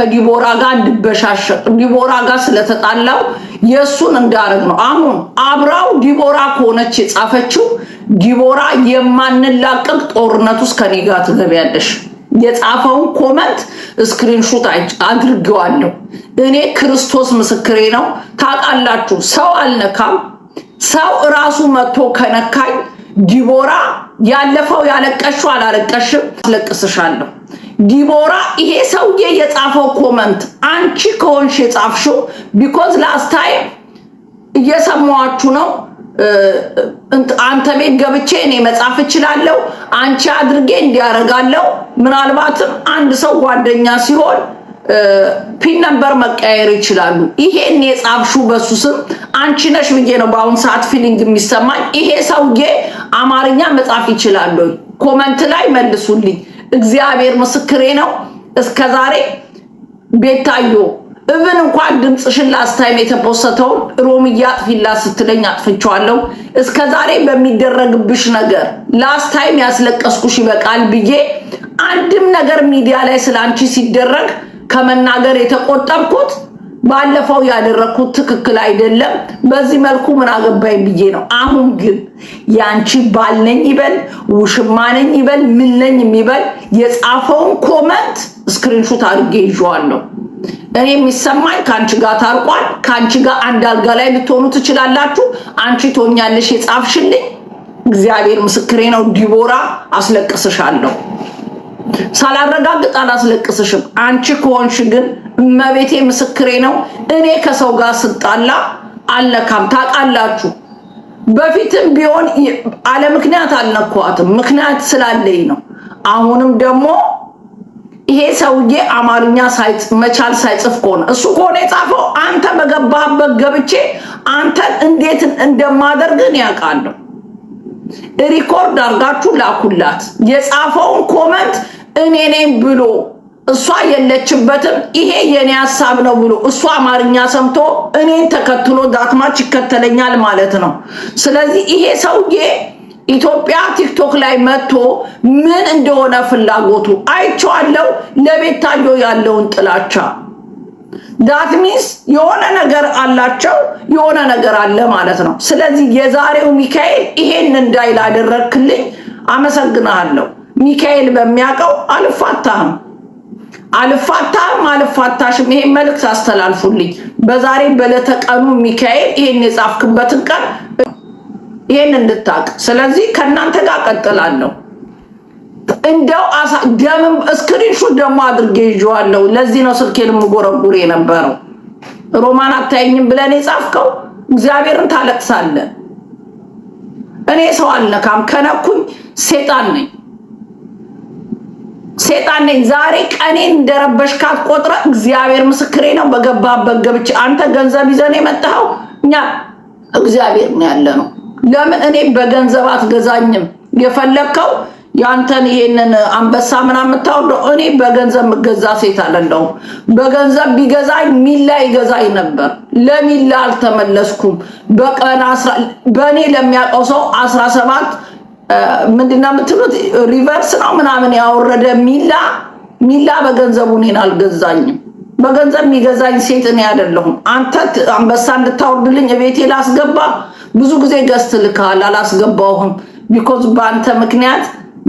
ከዲቦራ ጋር እንድበሻሸቅ ዲቦራ ጋር ስለተጣላው የእሱን እንዳረግ ነው። አሁን አብራው ዲቦራ ከሆነች የጻፈችው ዲቦራ የማንላቀቅ ጦርነት ውስጥ ከኔ ጋር ትገቢያለሽ። የጻፈውን ኮመንት ስክሪንሹት አድርጌዋለሁ። እኔ ክርስቶስ ምስክሬ ነው። ታውቃላችሁ፣ ሰው አልነካም። ሰው እራሱ መጥቶ ከነካኝ ዲቦራ ያለፈው ያለቀሽው አላለቀሽም፣ አስለቅስሻለሁ ዲቦራ ይሄ ሰውዬ የጻፈው ኮመንት አንቺ ከሆንሽ የጻፍሽው ቢኮዝ ላስት ታይም እየሰማኋችሁ ነው። አንተ ቤት ገብቼ እኔ መጻፍ እችላለሁ፣ አንቺ አድርጌ እንዲያረጋለሁ። ምናልባትም አንድ ሰው ጓደኛ ሲሆን ፒን ነበር መቀየር ይችላሉ። ይሄን የጻፍሽው በሱ ስም አንቺ ነሽ ብዬ ነው በአሁን ሰዓት ፊሊንግ የሚሰማኝ። ይሄ ሰውዬ አማርኛ መጻፍ ይችላሉ። ኮመንት ላይ መልሱልኝ። እግዚአብሔር ምስክሬ ነው። እስከዛሬ ቤታዮ እብን እንኳን ድምፅሽን ላስታይም የተፖሰተውን ሮምያ አጥፊላት ስትለኝ አጥፍቼዋለሁ። እስከ ዛሬ በሚደረግብሽ ነገር ላስታይም ያስለቀስኩሽ ይበቃል ብዬ አንድም ነገር ሚዲያ ላይ ስለ አንቺ ሲደረግ ከመናገር የተቆጠብኩት ባለፈው ያደረግኩት ትክክል አይደለም፣ በዚህ መልኩ ምን አገባኝ ብዬ ነው። አሁን ግን ያንቺ ባል ነኝ ይበል፣ ውሽማ ነኝ ይበል፣ ምን ነኝ የሚበል የጻፈውን ኮመንት ስክሪንሹት አድርጌ ይዤዋለሁ። እኔ የሚሰማኝ ከአንቺ ጋር ታርቋል። ከአንቺ ጋር አንድ አልጋ ላይ ልትሆኑ ትችላላችሁ። አንቺ ትሆኛለሽ የጻፍሽልኝ። እግዚአብሔር ምስክሬ ነው። ዲቦራ አስለቅስሻለሁ። ሳላረጋግጥ አላስለቅስሽም። አንቺ ከሆንሽ ግን እመቤቴ ምስክሬ ነው። እኔ ከሰው ጋር ስጣላ አልነካም። ታውቃላችሁ፣ በፊትም ቢሆን አለ ምክንያት አልነኳትም። ምክንያት ስላለኝ ነው። አሁንም ደግሞ ይሄ ሰውዬ አማርኛ መቻል ሳይጽፍ ከሆነ እሱ ከሆነ የጻፈው አንተ በገባህበት ገብቼ አንተን እንዴት እንደማደርግን ያውቃለሁ። ሪኮርድ አድርጋችሁ ላኩላት የጻፈውን ኮመንት እኔ ነኝ ብሎ እሷ የለችበትም ይሄ የኔ ሀሳብ ነው ብሎ እሷ አማርኛ ሰምቶ እኔን ተከትሎ ዳትማች ይከተለኛል ማለት ነው። ስለዚህ ይሄ ሰውዬ ኢትዮጵያ ቲክቶክ ላይ መጥቶ ምን እንደሆነ ፍላጎቱ አይቼዋለሁ። ለቤታዮ ያለውን ጥላቻ ዳትሚስ የሆነ ነገር አላቸው፣ የሆነ ነገር አለ ማለት ነው። ስለዚህ የዛሬው ሚካኤል ይሄን እንዳይል አደረግክልኝ፣ አመሰግናለሁ። ሚካኤል በሚያውቀው አልፋታህም አልፋታህም አልፋታሽም። ይሄን መልእክት አስተላልፉልኝ። በዛሬ በለተቀኑ ሚካኤል ይሄን የጻፍክበትን ቀን ይሄን እንድታቅ። ስለዚህ ከእናንተ ጋር ቀጥላለሁ። እንደው ደምም እስክሪንሹት ደግሞ አድርጌ ይዤዋለሁ። ለዚህ ነው ስልኬን የምጎረጉር የነበረው። ሮማን አታየኝም ብለን የጻፍከው እግዚአብሔርን ታለቅሳለን። እኔ ሰው አልነካም፣ ከነኩኝ ሴጣን ነኝ። ሴጣን ነኝ። ዛሬ ቀኔን እንደረበሽ ካትቆጥረ እግዚአብሔር ምስክሬ ነው። በገባበት ገብቼ አንተ ገንዘብ ይዘን የመጣኸው እኛ እግዚአብሔር ነው ያለ ነው። ለምን እኔ በገንዘብ አትገዛኝም? የፈለግከው ያንተን ይሄንን አንበሳ ምናምን የምታወርደው እኔ በገንዘብ የምገዛ ሴት አለ። በገንዘብ ቢገዛኝ ሚላ ይገዛኝ ነበር። ለሚላ አልተመለስኩም። በቀን በእኔ ለሚያውቀው ሰው አስራ ሰባት ምንድነው የምትሉት? ሪቨርስ ነው ምናምን ያወረደ ሚላ ሚላ በገንዘቡ እኔን አልገዛኝም። በገንዘብ የሚገዛኝ ሴት እኔ አይደለሁም። አንተ አንበሳ እንድታወርድልኝ ቤቴ ላስገባ ብዙ ጊዜ ገዝት ልካል አላስገባውህም። ቢኮዝ በአንተ ምክንያት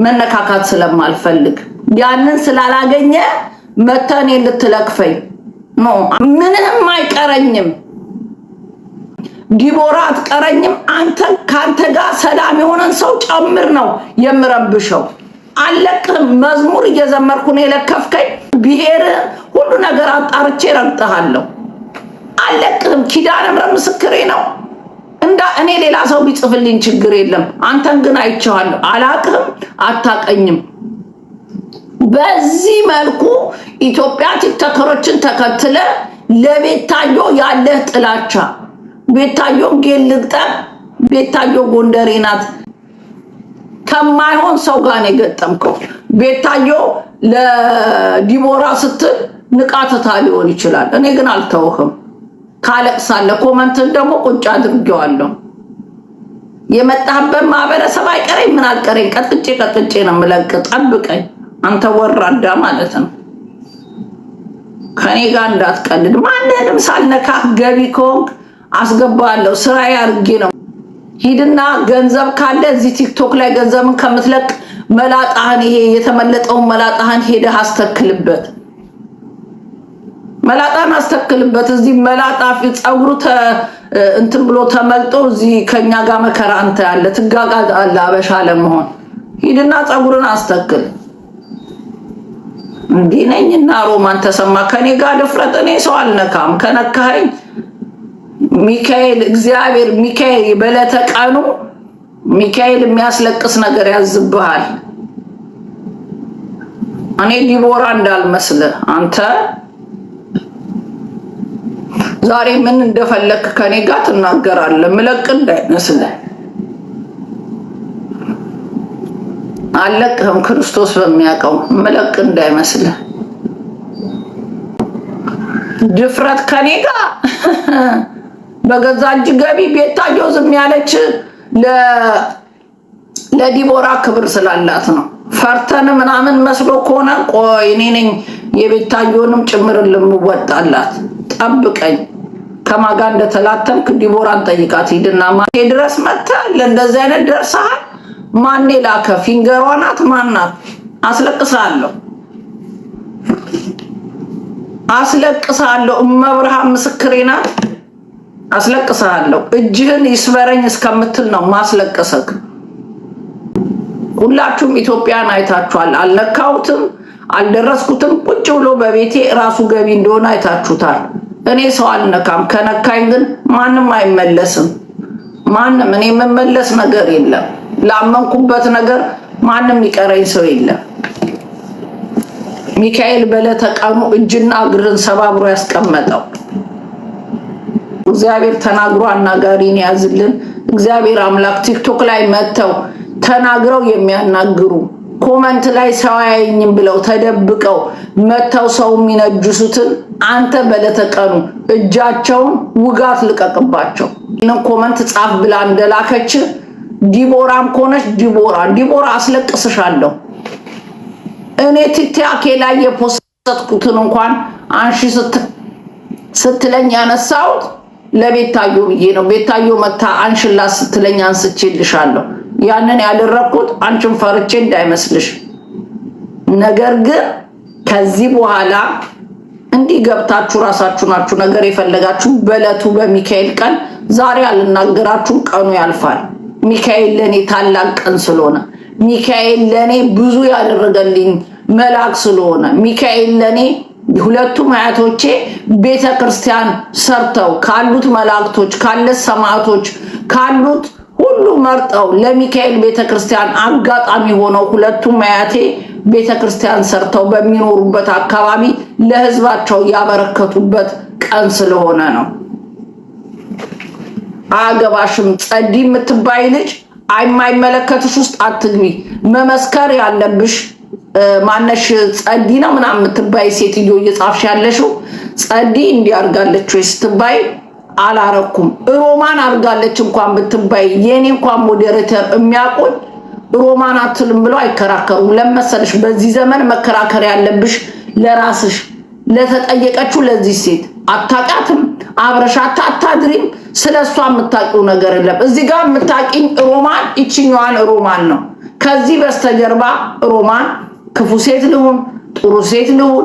መነካካት ስለማልፈልግ ያንን ስላላገኘ መተኔ ልትለክፈኝ ምንም አይቀረኝም። ዲቦራ አትቀረኝም። አንተን ከአንተ ጋር ሰላም የሆነን ሰው ጨምር ነው የምረብሸው። አለቅህም። መዝሙር እየዘመርኩ ነው የለከፍከኝ። ብሔር ሁሉ ነገር አጣርቼ ረግጠሃለሁ አለቅህም። ኪዳነ ምሕረት ምስክሬ ነው። እንዳ እኔ ሌላ ሰው ቢጽፍልኝ ችግር የለም። አንተን ግን አይቼዋለሁ። አላቅህም፣ አታቀኝም። በዚህ መልኩ ኢትዮጵያ ቲክቶከሮችን ተከትለ ለቤታዮ ያለህ ጥላቻ ቤታዮ ጌል ልግጠም። ቤታዮ ጎንደሬ ናት። ከማይሆን ሰው ጋር ነው የገጠምከው። ቤታዮ ለዲቦራ ስትል ንቃትታ ሊሆን ይችላል። እኔ ግን አልተውህም። ካለቅሳለ ኮመንትን ደግሞ ቁጭ አድርጌዋለሁ። የመጣህበት ማህበረሰብ አይቀረኝ ምን አልቀረኝ፣ ቀጥጬ ቀጥጬ ነው የምለቅ። ጠብቀኝ አንተ ወራዳ ማለት ነው። ከኔ ጋር እንዳትቀልድ። ማንንም ሳልነካ ገቢ ከሆንክ አስገባለሁ ስራ አድርጌ ነው። ሂድና ገንዘብ ካለ እዚህ ቲክቶክ ላይ ገንዘብን ከምትለቅ መላጣህን ይሄ የተመለጠውን መላጣህን ሄደህ አስተክልበት፣ መላጣን አስተክልበት። እዚህ መላጣ ፀጉሩ እንትን ብሎ ተመልጦ እዚህ ከኛ ጋር መከራ አንተ ያለ ትጋጋ አለ አበሻ ለመሆን ሂድና ፀጉርን አስተክል። እንዲህ ሮማን ተሰማ ከኔ ጋር ድፍረት። እኔ ሰው አልነካም ከነካኸኝ ሚካኤል እግዚአብሔር ሚካኤል በዕለተ ቀኑ ሚካኤል የሚያስለቅስ ነገር ያዝብሃል። እኔ ዲቦራ እንዳልመስል አንተ ዛሬ ምን እንደፈለክ ከኔ ጋር ትናገራለህ። ምለቅ እንዳይመስል አለቅህም። ክርስቶስ በሚያውቀው ምለቅ እንዳይመስል ድፍረት ከኔ ጋር በገዛ እጅ ገቢ ቤታዮ ዝም ያለች ለዲቦራ ክብር ስላላት ነው። ፈርተን ምናምን መስሎ ከሆነ ቆይ እኔ ነኝ የቤታዮንም ጭምር ልምወጣላት። ጠብቀኝ ከማጋ እንደተላተምክ ዲቦራን ጠይቃት ሂድና ማኔ ድረስ መተ ለእንደዚህ አይነት ደርሰሃል። ማኔ ላከ ፊንገሯ ናት ማናት? አስለቅሳለሁ አስለቅሳለሁ። እመብርሃን ምስክሬ ናት። አስለቅሰሃለሁ። እጅህን ይስበረኝ እስከምትል ነው ማስለቅሰክ። ሁላችሁም ኢትዮጵያን አይታችኋል። አልነካሁትም፣ አልደረስኩትም። ቁጭ ብሎ በቤቴ ራሱ ገቢ እንደሆነ አይታችሁታል። እኔ ሰው አልነካም። ከነካኝ ግን ማንም አይመለስም። ማንም እኔ የምመለስ ነገር የለም። ላመንኩበት ነገር ማንም ይቀረኝ ሰው የለም። ሚካኤል በለተቀኑ እጅና እግርን ሰባብሮ ያስቀመጠው እግዚአብሔር ተናግሮ አናጋሪን ያዝልን። እግዚአብሔር አምላክ ቲክቶክ ላይ መጥተው ተናግረው የሚያናግሩ ኮመንት ላይ ሰው አያየኝም ብለው ተደብቀው መጥተው ሰው የሚነጅሱትን አንተ በለተቀኑ እጃቸውን ውጋት ልቀቅባቸው። ይህንን ኮመንት ጻፍ ብላ እንደላከች ዲቦራም ከሆነች ዲቦራ ዲቦራ አስለቅስሻለሁ። እኔ ቲክታኬ ላይ የፖሰትኩትን እንኳን አንሺ ስትለኝ ያነሳሁት ለቤታዮ ብዬ ነው። ቤታዮ መታ አንሽላ ስትለኝ አንስቼልሻለሁ። ያንን ያደረግኩት አንቺን ፈርቼ እንዳይመስልሽ። ነገር ግን ከዚህ በኋላ እንዲህ ገብታችሁ ራሳችሁ ናችሁ ነገር የፈለጋችሁ በለቱ በሚካኤል ቀን ዛሬ አልናገራችሁም። ቀኑ ያልፋል። ሚካኤል ለእኔ ታላቅ ቀን ስለሆነ ሚካኤል ለእኔ ብዙ ያደረገልኝ መልአክ ስለሆነ ሚካኤል ለእኔ ሁለቱም አያቶቼ ቤተ ክርስቲያን ሰርተው ካሉት መላእክቶች ካለ ሰማዕቶች ካሉት ሁሉ መርጠው ለሚካኤል ቤተ ክርስቲያን አጋጣሚ ሆነው ሁለቱም አያቴ ቤተ ክርስቲያን ሰርተው በሚኖሩበት አካባቢ ለሕዝባቸው ያበረከቱበት ቀን ስለሆነ ነው። አገባሽም ጸዲ የምትባይ ልጅ የማይመለከትሽ ውስጥ አትግቢ። መመስከር ያለብሽ ማነሽ ጸዲ ነው ምናምን የምትባይ ሴትዮ እየጻፍሽ ያለሽው ጸዲ እንዲያርጋለች ወይ ስትባይ አላረኩም። ሮማን አድርጋለች እንኳን ብትባይ የኔ እንኳን ሞዴሬተር የሚያውቁኝ ሮማን አትልም ብለው አይከራከሩም። ለመሰለሽ በዚህ ዘመን መከራከር ያለብሽ ለራስሽ ለተጠየቀችው ለዚህ ሴት አታውቃትም፣ አብረሻታ አታድሪም። ስለ እሷ የምታውቂው ነገር የለም። እዚህ ጋር የምታውቂኝ ሮማን ይችኛዋን ሮማን ነው። ከዚህ በስተጀርባ ሮማን ክፉ ሴት ልሁን ጥሩ ሴት ልሁን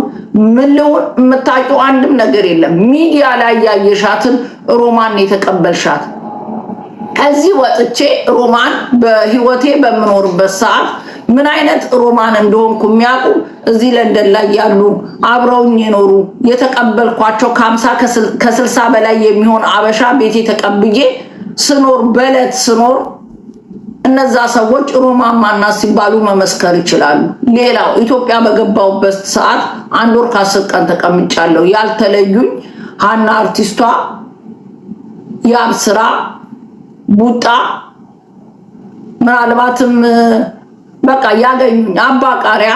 ምን ልሁን የምታውቂው አንድም ነገር የለም። ሚዲያ ላይ ያየሻትን ሮማን የተቀበልሻት። ከዚህ ወጥቼ ሮማን በህይወቴ በምኖርበት ሰዓት ምን አይነት ሮማን እንደሆንኩ የሚያውቁ እዚህ ለንደን ላይ ያሉ አብረውኝ የኖሩ የተቀበልኳቸው ከሀምሳ ከስልሳ በላይ የሚሆን አበሻ ቤቴ ተቀብዬ ስኖር በለት ስኖር እነዛ ሰዎች ሮማማና ሲባሉ መመስከር ይችላሉ። ሌላው ኢትዮጵያ በገባሁበት ሰዓት አንድ ወር ከአስር ቀን ተቀምጫለሁ። ያልተለዩኝ ሀና አርቲስቷ፣ ስራ፣ ቡጣ፣ ምናልባትም በቃ ያገኙኝ አባቃሪያ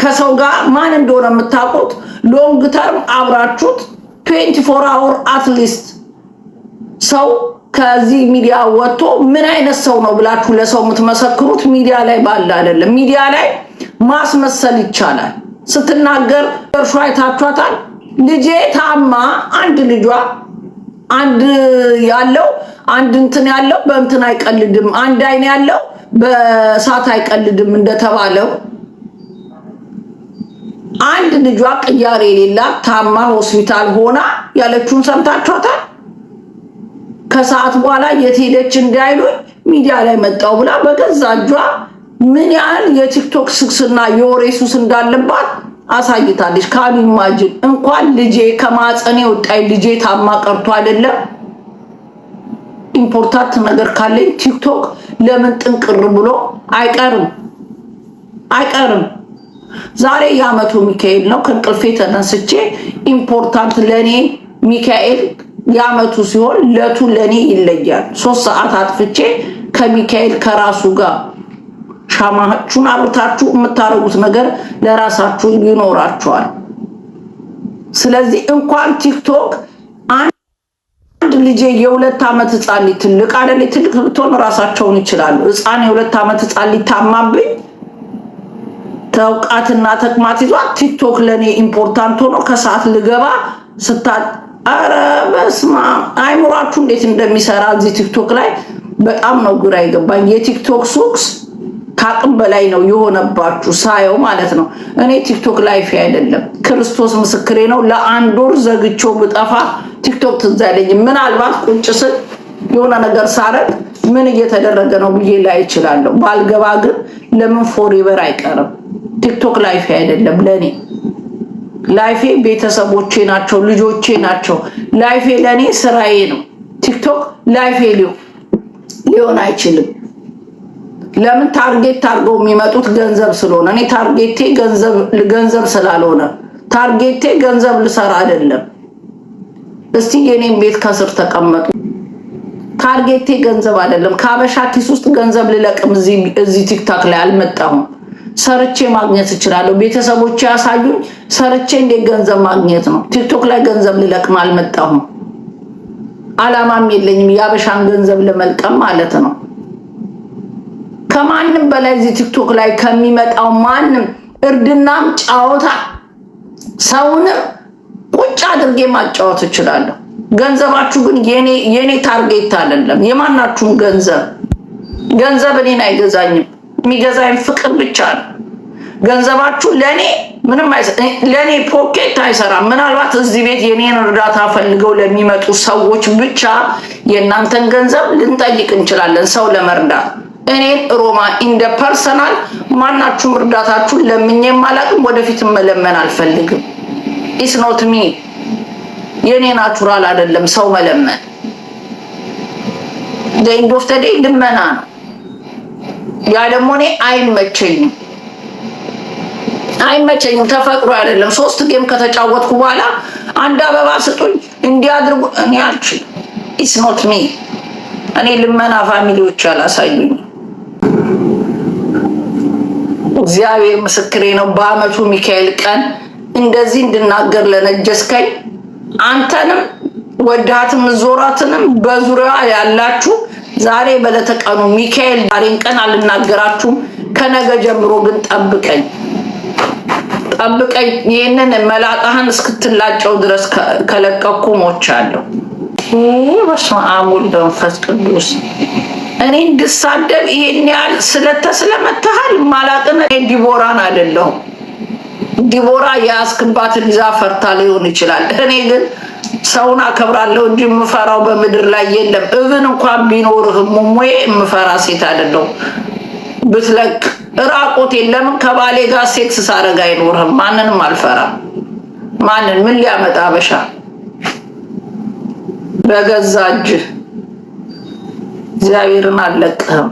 ከሰው ጋር ማን እንደሆነ የምታውቁት ሎንግ ተርም አብራችሁት 24 አወር አትሊስት ሰው ከዚህ ሚዲያ ወጥቶ ምን አይነት ሰው ነው ብላችሁ ለሰው የምትመሰክሩት? ሚዲያ ላይ ባለ አይደለም። ሚዲያ ላይ ማስመሰል ይቻላል። ስትናገር እርሷ አይታችኋታል። ልጄ ታማ አንድ ልጇ አንድ ያለው አንድ እንትን ያለው በእንትን አይቀልድም፣ አንድ አይን ያለው በእሳት አይቀልድም እንደተባለው አንድ ልጇ ቅያሬ የሌላት ታማ ሆስፒታል ሆና ያለችውን ሰምታችኋታል። ከሰዓት በኋላ የት ሄደች እንዳይሉኝ ሚዲያ ላይ መጣው ብላ በገዛ እጇ ምን ያህል የቲክቶክ ስክስና የወሬ ሱስ እንዳለባት አሳይታለች። ካን ኢማጅን እንኳን ልጄ ከማፀኔ ወጣኝ ልጄ ታማ ቀርቶ አይደለም። ኢምፖርታንት ነገር ካለኝ ቲክቶክ ለምን ጥንቅር ብሎ አይቀርም አይቀርም። ዛሬ የአመቱ ሚካኤል ነው። ከእንቅልፌ ተነስቼ ኢምፖርታንት ለእኔ ሚካኤል የአመቱ ሲሆን ለቱ ለእኔ ይለያል። ሶስት ሰዓት አጥፍቼ ከሚካኤል ከራሱ ጋር ሻማችሁን አብርታችሁ የምታደርጉት ነገር ለራሳችሁ ይኖራችኋል። ስለዚህ እንኳን ቲክቶክ አንድ ልጄ የሁለት ዓመት ህፃን ልጅ ትልቅ አደል ትልቅ ብትሆን ራሳቸውን ይችላሉ። ህፃን የሁለት ዓመት ህፃን ልጅ ታማብኝ ተውቃትና ተቅማት ይዟት ቲክቶክ ለእኔ ኢምፖርታንት ሆኖ ከሰዓት ልገባ ስታ አረ በስማ አይምሯችሁ እንዴት እንደሚሰራ እዚህ ቲክቶክ ላይ በጣም ነው ግራ ይገባኝ። የቲክቶክ ሱክስ ከአቅም በላይ ነው የሆነባችሁ ሳየው ማለት ነው። እኔ ቲክቶክ ላይፍ አይደለም ክርስቶስ ምስክሬ ነው። ለአንድ ወር ዘግቼው ብጠፋ ቲክቶክ ትዝ አይለኝም። ምናልባት ቁጭ ስል የሆነ ነገር ሳረግ ምን እየተደረገ ነው ብዬ ላይ እችላለሁ። ባልገባ ግን ለምን ፎሪበር አይቀርም። ቲክቶክ ላይፍ አይደለም ለእኔ ላይፌ ቤተሰቦቼ ናቸው፣ ልጆቼ ናቸው። ላይፌ ለእኔ ስራዬ ነው። ቲክቶክ ላይፌ ሊሆን አይችልም። ለምን ታርጌት ታርገው የሚመጡት ገንዘብ ስለሆነ፣ እኔ ታርጌቴ ገንዘብ ስላልሆነ፣ ታርጌቴ ገንዘብ ልሰራ አይደለም። እስቲ የኔም ቤት ከስር ተቀመጡ። ታርጌቴ ገንዘብ አይደለም። ከአበሻ ኪስ ውስጥ ገንዘብ ልለቅም እዚህ ቲክታክ ላይ አልመጣሁም። ሰርቼ ማግኘት እችላለሁ። ቤተሰቦች ያሳዩኝ ሰርቼ እንዴት ገንዘብ ማግኘት ነው። ቲክቶክ ላይ ገንዘብ ልለቅም አልመጣሁም። አላማም የለኝም የአበሻን ገንዘብ ለመልቀም ማለት ነው። ከማንም በላይ እዚህ ቲክቶክ ላይ ከሚመጣው ማንም እርድናም ጫወታ ሰውንም ቁጭ አድርጌ ማጫወት እችላለሁ። ገንዘባችሁ ግን የኔ ታርጌት አይደለም። የማናችሁም ገንዘብ ገንዘብ እኔን አይገዛኝም። የሚገዛኝ ፍቅር ብቻ ነው። ገንዘባችሁ ለእኔ ምንም ለእኔ ፖኬት አይሰራም። ምናልባት እዚህ ቤት የኔን እርዳታ ፈልገው ለሚመጡ ሰዎች ብቻ የእናንተን ገንዘብ ልንጠይቅ እንችላለን፣ ሰው ለመርዳት እኔን ሮማ ኢንደ ፐርሰናል ማናችሁም እርዳታችሁ ለምኜም አላቅም። ወደፊት መለመን አልፈልግም። ኖት ሚ የእኔ ናቹራል አይደለም ሰው መለመን ዘኢንዶፍተዴ ልመና ነው። ያ ደግሞ እኔ አይመቸኝም አይመቸኝም። ተፈቅሮ አይደለም። ሶስት ጌም ከተጫወትኩ በኋላ አንድ አበባ ስጡኝ እንዲያድርጉ እኔ አልችልም። ኢስ ኖት ሚ እኔ ልመና ፋሚሊዎች አላሳዩኝ። እግዚአብሔር ምስክሬ ነው። በአመቱ ሚካኤል ቀን እንደዚህ እንድናገር ለነጀስከኝ አንተንም ወዳትም ዞራትንም በዙሪያ ያላችሁ ዛሬ በለተቀኑ ሚካኤል ዛሬን ቀን አልናገራችሁም። ከነገ ጀምሮ ግን ጠብቀኝ ጠብቀኝ ይህንን መላጣህን እስክትላጨው ድረስ ከለቀኩ ሞቻለሁ። በስመ አብ ወወልድ ወመንፈስ ቅዱስ። እኔ እንድሳደብ ይሄን ያህል ስለተ ማላቅን ዲቦራን አይደለሁም። ዲቦራ የአስክንባትን ይዛ ፈርታ ሊሆን ይችላል። እኔ ግን ሰውን አከብራለሁ እንጂ የምፈራው በምድር ላይ የለም። እብን እንኳን ቢኖርህም ሙሙዬ የምፈራ ሴት አይደለሁም። ብትለቅ እራቆቴ ለምን ከባሌ ጋር ሴክስ ሳረግ አይኖርህም። ማንንም አልፈራም። ማንን ምን ሊያመጣ በሻ በገዛ እጅ እግዚአብሔርን አልለቅህም።